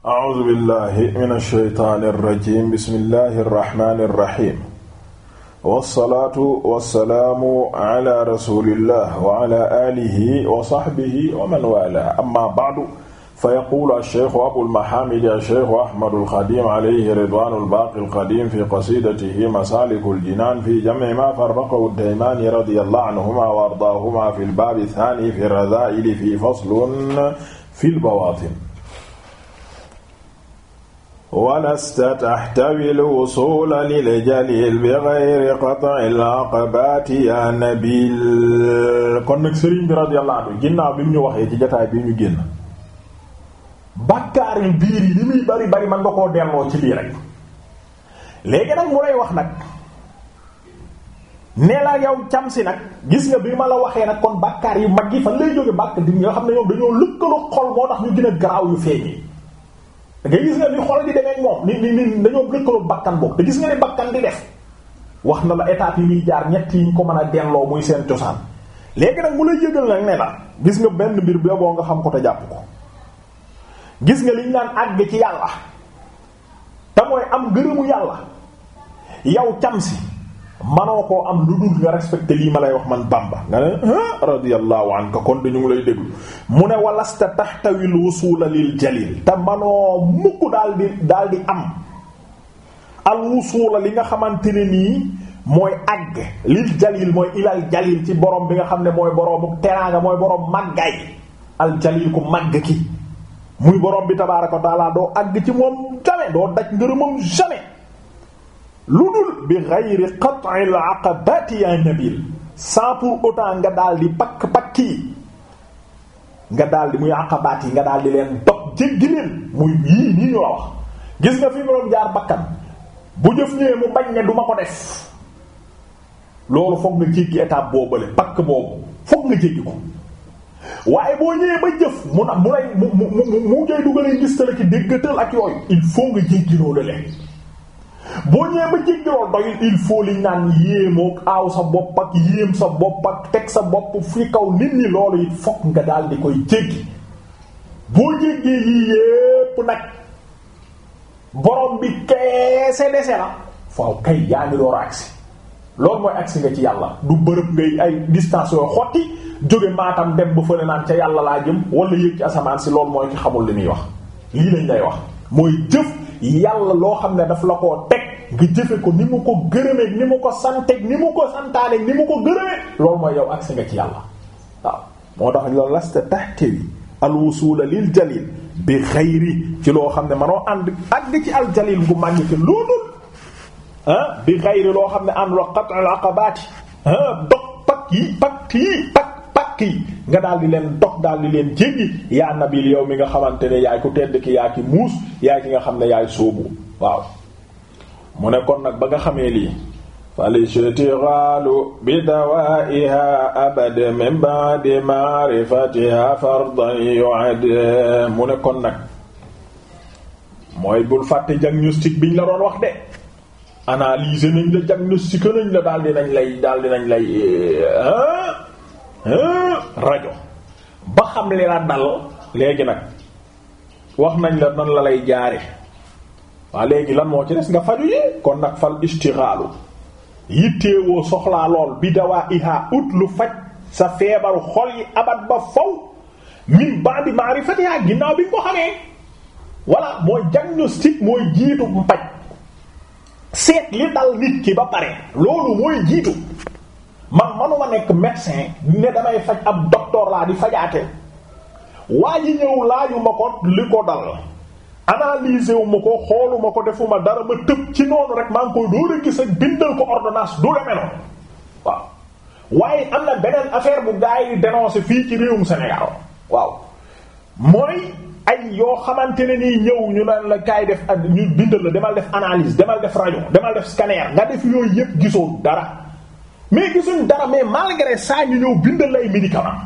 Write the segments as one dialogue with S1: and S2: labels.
S1: A'uuzu billaahi mina shaytaani rajiim bismillaahi rahmaani rahiim. Wassalaatu wassalaamu alaa rasuulillaah wa alaa aalihi wa sahbihi wa man waalaah, ammaa ba'du. Fayaquulu ash-shaykhu Abul Mahaamid ash-shaykhu Ahmadul Xadiim alayhi ridwaanul baaqil qadiim fii qasiidatihi Masaalikul Jinaan fii jamci maa farraqahu ad-Daymaani radiyallaahu anhumaa wa ardaahumaa fil baabi ath-thaanii fi ar-razaa'il fii faslun fil bawaatin. walasta taxtawi lwusula liljalil bi geyri qat'il aqabati ya nabil kon nag sëriñ bi radiyallahu anhu ginnaaw bi mu ñu waxee ci jataay bi ñu génn
S2: yu biir yi li muy bari bari man nga koo delloo ci lii rek léegi nag mu lay wax nag nee la yow si nag gis nga bi ma la waxee nag kon bàkkaar yu mag yi fan lay jóge bàkk di nga xam ne ñoom dañoo lëkkaloo xol moo tax ñu gën a garaaw yu feeñi nga gis nga ni xol di demee moom ni ni ni dañoo lëkkaloo bakkan boobu te gis nga ne bakkan di def wax na la étape yi muy jaar ñett yi ñu ko mën a delloo muy seen cosaan léegi nag mu lay yëgal nag ne la gis nga benn mbir boo nga xam ko te jàpp ko gis nga liñ naan àgg ci yàlla te mooy am gërëmu yàlla yow cam si manoo koo am lu dul nga respecté lii ma lay wax man Bamba nga ne radiyallahu anka kon dañu lay déglu mu ne walasta taxtawil wusuula lil jalil te manoo mukk daal di daal di am al wusuula li nga xamante ni nii mooy àgg lil jalil mooy ilal jalil ci borom bi nga xam ne mooy boroomu teraanga mooy borom màggaay al jalil ku màgg ki muy borom bi tabaaraka wa taala doo àgg ci moom jamais doo daj ngërëmam jamais lu dul bi ghayri qat'il aqabati ya nabil sans pour autant nga daal di pakk-pakk yi nga daal di muy aqabaat nga daal di leen dog jéggi leen muy yii nii ñu la wax gis nga fi boroom jaar bakkan bu jëf ñëwee mu bañ ne du ma ko def loolu foog nga jéggi étape boobale pakk boobu foog nga jéggi ko waaye boo ñëwee ba jëf mu na mu lay mu mu mu mu ngay dugalee gis ta la ci déggatal ak yooyu il faut nga jéggi loolu leen boo ñëwee ba jéggi loolu doyul il faut li naan yéemoog aaw sa bopp ak yéem sa bopp ak teg sa bopp fi kaw nit ñi loolu it fokk nga daal di koy jéggi boo jéggee yii yépp nag borom bi keese dese la faaw kay yaa ngi door a agsi loolu mooy agsi nga ci yàlla du bërëb ngay ay distance yoo xotti dem ba fële naan ca yàlla laa jëm wala yéeg ci asamaan si loolu mooy ki xamul li muy wax lii lañ lay wax mooy jëf yàlla loo xam ne daf la koo teg nga jëfe ko ni mu ko gërëmeeg ni mu ko santeeg ni mu ko santaaneeg ni mu ko gërëmeeg loolu mooy yow agsi nga ci yàlla waaw moo tax la lasta tahtawi al wusuula lil jalil bi xayri ci loo xam ne manoo ànd àgg ci al jalil bu màgg ah, bi xayri loo xam ne ànd wa qat'ul aqabaati ah dog pakk yi pakk yi pakk pakk
S1: yi nga daal di leen dog daal di leen jéggi yaa nabil yow mi nga xamante ne yaay ku tedd ki yaa ki muus yaay ki nga xam ne yaay sóobu waaw mu ne kon nag ba nga xamee lii falistiralu bidawaiha abad min ba'di ma'rifatiha fardan yu'ad mu ne kon nag mooy bul fàtte diagnostic biñ la doon wax de analyse nañ
S2: la diagnostic nañ la daal dinañ lay daal nañ lay eh, eh, rajo ba xam li la dal léegi nag wax nañ la nan la lay jaare waa léegi lan moo ci des nga faju yi kon nag fal istigaalu yitteewoo soxlaa lool bi dawaa ihaa ut lu faj sa feebaru xol yi abat ba faw min ba'di ma'rifatiha ginnaaw bi nga ko xamee walla mooy diagnostic mooy jiitu mpaj seet li dal nit ki ba pare loolu mooy jiitu man manuma nekk médecin ne damay faj ab docteur laa di fajaate waa ji ñëw laaju ma ko li ko dal analyser wu ma ko xooluma ko defuma dara ma tëb ci noonu rek maa ngi koy door a gis ak bindal ko ordonnance du demee noonu waaw waaye am na beneen affaire bu gaa yi fii ci réewum Sénégal waaw mooy ay yoo xamante ne nii ñëw ñu naan la kaay def ak ñu bindal la demal def analyse demal def rajo demal def scanner nga def yooyu yëpp gisoo dara mais gisuñ dara mais malgré ça ñu ñëw bindal lay médicament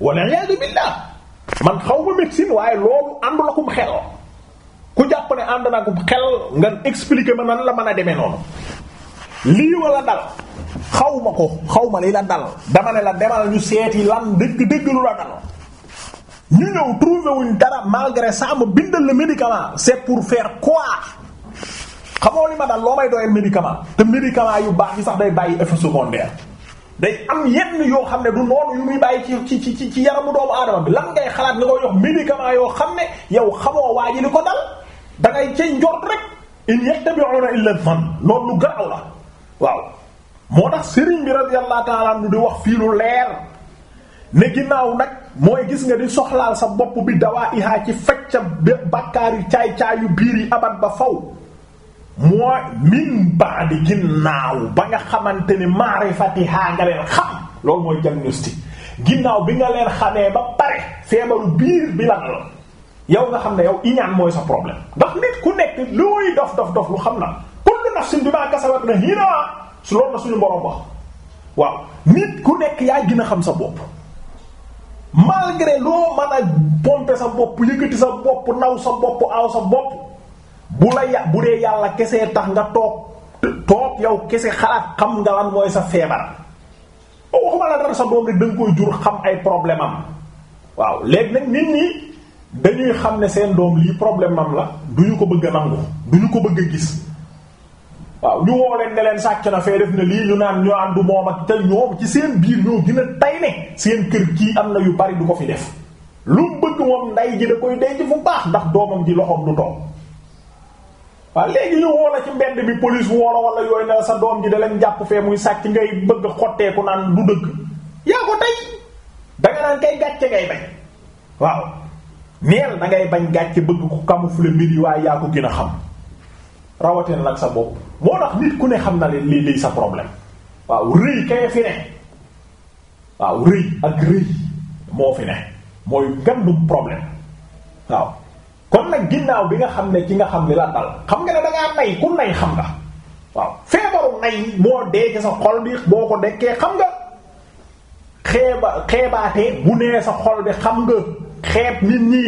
S2: wala iyadu billah man xaw ma médecine waaye loolu àndu la xel ku jàpp ne ànd na kum xel nga expliquer ma nan la mën a demee noonu lii wala dal xaw ma ko xawma ma li la dal dama ne la demal ñu seeti lan dëgg dëgg lu la dal ñu ñëw trouvé wuñ dara malgré ça ma bindal la médicament c'est pour faire quoi xamoo li ma dal loo may doyal médicament te médicament yu baax yi sax day bàyyi effet secondaire. day am yenn yoo xam ne du noonu yu muy bàyyi ci ci ci ci yaramu doomu aadama bi lan ngay xalaat nga koy jox médicament yoo xam ne yow xamoo waa ji li ko dal da ngay cay njort rek in yattabi'una illa dhann loolu lu garaw la waaw moo tax sëriñ bi radiyallahu ta'ala anhu di wax fii lu leer ne ginnaaw nag mooy gis nga di soxlaal sa bopp bi dawaa ihaa ci fecca bàkkaar yu caay-caayu biir yi abat ba fow mooy min baadi ginnaaw ba nga xamante ni maarifatihaa nga leen xam loolu mooy diagnostic ginnaaw bi nga leen xamee ba pare feebaru biir bi lan la yow nga xam ne yow iñaan mooy sa problème ndax nit ku nekk looy dof dof dof lu xam na kullu nafsin bimaa kasabat rahiina su loolu na suñu borom wax waaw nit ku nekk yaa gin a xam sa bopp malgré loo mën a pomper sa bopp yëkkati sa bopp naw sa bopp aaw sa bopp bu la bu dee yàlla kese tax nga toog toog yow kese xalaat xam nga lan mooy sa oo waxuma la dara sa doom rek da koy jur xam ay problème am waaw léegi nag nit ñi dañuy xam ne seen doom lii problème am la du ñu ko bëgg a nangu du ñu ko bëgg a gis waaw ñu woo leen ne leen sàcc na fee def na lii ñu naan ñu àndu moom ak te ñoom ci seen biir ñoo gën a tay ne seen kër kii am na yu bari du ko fi def lu bëgg moom ndey ji da koy denc fu baax ndax doomam ji loxoom du toog waa léegi ñu woo la ci mbedd bi police woo la wala yooyu na sa doom ji da leen jàpp fee muy sàcc ngay bëgg xotteeku naan du dëgg yaa ko tey danga naan kay gàcce ngay bañ waaw neel da ngay bañ gàcce bëgg ko camoufler mbir yi waaye yaa ko gën a xam rawatina nag sa bopp moo tax nit ku ne xam na leen lii lii sa problème waaw rëy kay fi ne waaw rëy ak rëy moo fi ne mooy ngandum problème waaw kon nag ginnaaw bi nga xam ne ci nga xam li la dal xam nga ne da ngaa nay ku nay xam nga waaw feebaru nay moo dee ci sa xol bi boo ko dekkee xam nga xeeba xeebaatee bu nee sa xol bi xam nga xeeb nit ñi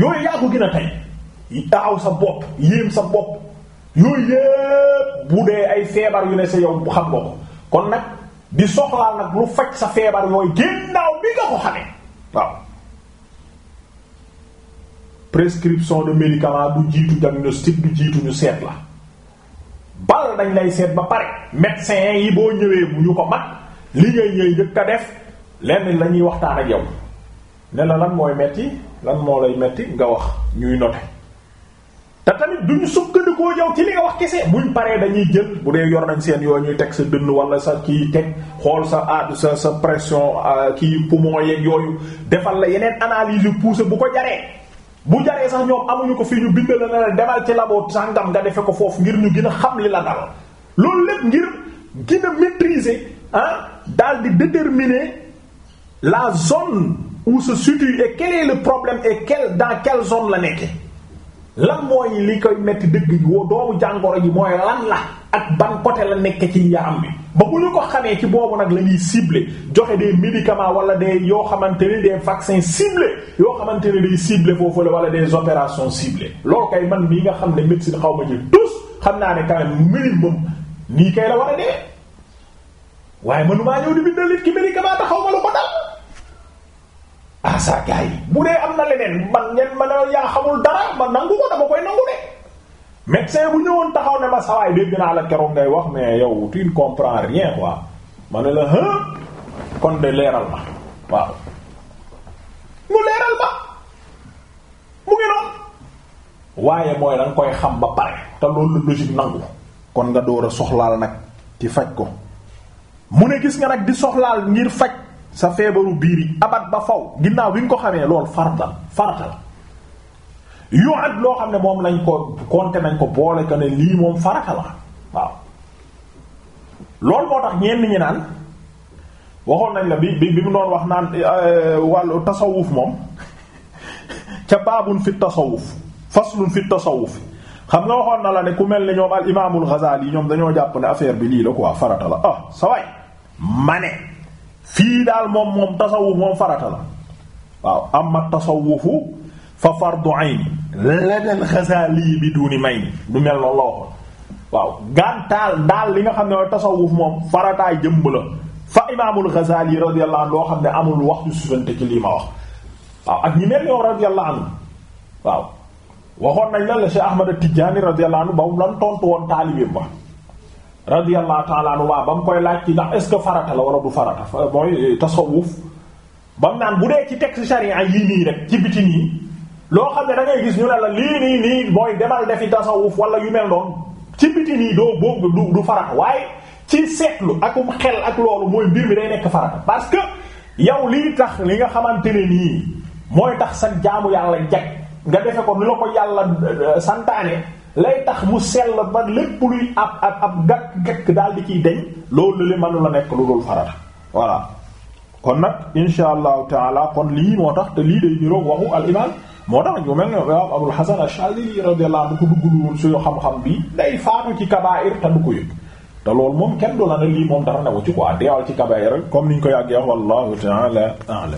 S2: yooyu yaa ko gën a tey daaw sa bopp yéem sa bopp yooyu yépp bu dee ay feebar yu ne sa yow bu xam nga ko kon nag di soxlaal nag lu faj sa feebar mooy ginnaaw bi nga ko xamee waaw prescription de médicament du jiitu diagnostic du jiitu ñu seet la bal dañ lay seet ba pare mett médecin yi boo ñëwee bu ñu ko mat li ñëwee ñëw njëkk a def lenn la ñuy waxtaan ak yow ne la lan mooy metti lan moo lay metti nga wax ñuy noter te tamit duñu sukkandikoo jaw ci li nga wax kese buñ paree dañuy jël bu dee yor nañ seen yoo ñuy teg sa dënn walla sa kii teg xool sa a sa sa pression kii poumon yeeg yooyu defal la yeneen analyse yu poussé bu ko jaree bu jaree sax ñoom amuñu ko fii ñu bind la ne la demal ci labo sàngam nga defe ko foofu ngir ñu gën a xam li la dal loolu lépp ngir gën a ah dal di déterminer la zone où se situe et quel est le problème et quel dans quelle zone la nekke lan mooy li koy metti dëgg woo doomu jàngoro ji mooy lan la ak ban côté la nekke ci yaram bi ba bu ñu ko xamee ci boobu nag la ñuy ciblé joxe des médicaments wala de yoo xamante ne des vaccins ciblés yoo xamante ne day ciblé foofu la wala des opérations ciblées loolu kay man mii nga xam ne médecine xaw ma ci tous xam naa ne quand même minimum nii kay la war a dee waaye manumaa ñëw di bindal ki médicament taxaw ma lu ko dal ah saa gars yi bu dee am na leneen man ñen man yaa xamul dara ma nangu ko dama koy nangu de.
S1: médecin bu ñëwoon taxaw ne ma sawaay dégg naa la keroog ngay wax mais yow tu ne comprends rien quoi ma ne la hë kon de leeral ma waaw
S2: mu leeral ma mu ngi noonu waaye mooy da koy xam ba pare te loolu logique nangu kon nga door a soxlaal nag ci faj ko mu ne gis nga nag di soxlaal ngir faj sa feebaru biir yi abat ba faw ginnaaw bi nga ko xamee lool farata farata yu at loo xam ne moom lañ ko compter nañ ko boole ko ne lii moom farata la waaw loolu moo tax ñenn ñi naan waxoon nañ la bi bi bi mu doon wax naan euh, wàllu tasawuf moom ca baabun fi tasawuf faslun fi tasawuf xam nga waxoon na la ne ku mel ne ñoom al imaamul Ghazali ñoom dañoo jàpp ne affaire bi lii la quoi farata la ah sa waay ma ne fii daal moom moom tasawuf moom farata la waaw amma tasawufu fa fardu ayni leneen xasaa lii bi duuni may du mel noonu la waxoon waaw gàntaal daal li nga xam ne mooy tasawuf moom farataay jëmb la fa imaamul Ghazali radiyallahu loo xam ne amul wax yu sufante ci lii ma wax waaw ak ñi mel yow radiyallahu waaw waxoon nañ la la Cheikh Ahmad Tidjani radiyallahu anhu ba mu lan tontu woon taalibeem ba radiyallahu ta'ala waa ba mu koy laaj ci ndax est-ce que farata la wala du farata mooy tasawuf ba mu naan bu dee ci texte charia yii nii ci biti nii loo xam ne dangay gis ñu ne la lii nii nii mooy demal defi tasawuf wala yu mel noonu ci biti nii doo boobu du du farata waaye ci seetlu akum xel ak loolu mooy mbir mi day nekk farata parce que yow lii tax li nga xamante ne nii mooy tax sa jaamu yàlla jag nga defe ko ni la ko yàlla euh, santaane lay tax mu sell ba lépp luy ab ab ab gàkk-gàkk daal di kiy deñ loolu la mënu la nekk lu dul farata voilà kon nag insha allahu taala kon lii moo tax te lii day niroog waxu moo tax ñu mel ne waaw Abul Hasan Ash'ari radiyallahu anhu bu ko duggul woon xam-xam bi day faatu ci kabaa'ir te du ko yëg
S1: te loolu moom kenn du la lii moom dara newu ci quoi deewal ci kabaa'ir comme niñ ko yàggee wallahu ta'ala a'lam